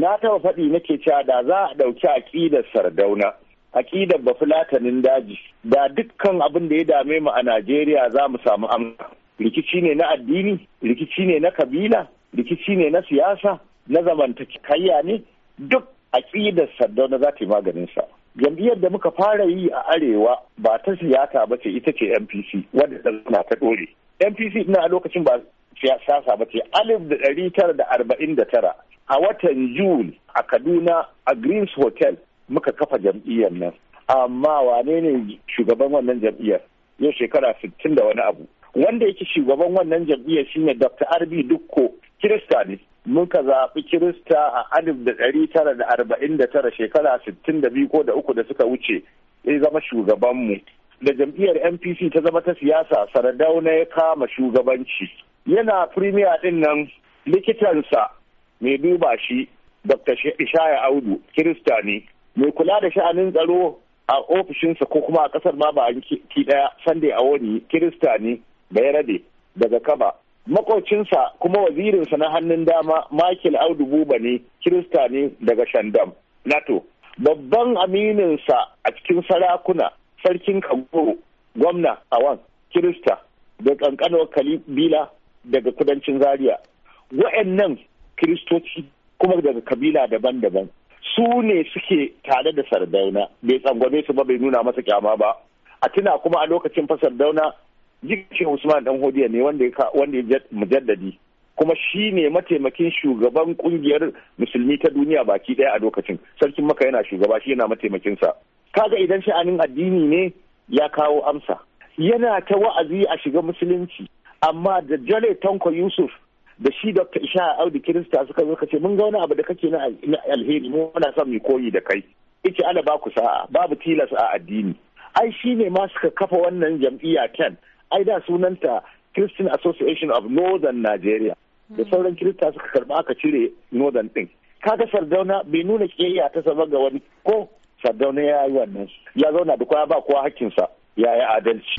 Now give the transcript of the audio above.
na taɓa faɗi nake cewa da za a ɗauki aƙidar sardauna aƙidar bafulatanin daji da dukkan abin da ya dame mu a najeriya za mu samu amsa rikici ne na addini rikici ne na kabila rikici ne na siyasa na zamantakayya ne duk aƙidar sardauna za ta yi maganinsa jam'iyyar da muka fara yi a arewa ba ta siyasa ba ce ita ce npc wadda ta ta dore npc ina a lokacin ba siyasa ba ce alif da ɗari tara da arba'in da tara a watan june a Kaduna a Greens Hotel muka kafa jam'iyyar nan. Amma wane ne shugaban wannan jam'iyyar? Yau shekara sittin da wani abu. Wanda yake shugaban wannan jam'iyyar shine Dr. Arbi Dukko Kirista ne. Muka zaɓi Kirista a alif da ɗari tara da arba'in da tara shekara sittin da biyu ko da uku da suka wuce. Ya zama shugabanmu. Da jam'iyyar NPC ta zama ta siyasa, Sardauna ya kama shugabanci. Yana firimiya ɗin nan likitansa mai duba shi dr ishaya audu kirista ne mai kula da sha'anin tsaro a ofishinsa ko kuma a kasar ma ba a ki daya sande a wani kirista ne da ya rade daga kaba makocinsa kuma wazirinsa na hannun dama Michael Audu Buba ne Kirista ne daga Shandam NATO babban amininsa a cikin sarakuna sarkin Kagoro gwamna Awan Kirista da kankano Kalibila daga kudancin Zaria wa'annan kiristoci kuma daga kabila daban-daban su ne suke tare da sardauna bai tsangwame su ba bai nuna masa kyama ba a tuna kuma a lokacin fa sardauna jikin usman dan hodiya ne wanda ya mujaddadi kuma shi ne mataimakin shugaban kungiyar musulmi ta duniya baki daya a lokacin sarkin maka yana shugaba shi yana mataimakinsa kaga idan sha'anin addini ne ya kawo amsa yana ta wa'azi a shiga musulunci amma da jale tanko yusuf da shi Dr. Isha Audu Kirista suka zo ce mun ga wani abu da kake na alheri mu muna son mu koyi da kai yace ala ba ku sa'a babu tilas a addini ai shi ne ma suka kafa wannan jam'iyya ken ai da sunanta Christian Association of Northern Nigeria da hmm. sauran Kirista suka karba aka cire Northern din kaga Sardauna bai nuna kiyayya ta sama ga wani ko Sardauna ya yi wannan ya zauna da kowa ba kowa hakkinsa ya yi adalci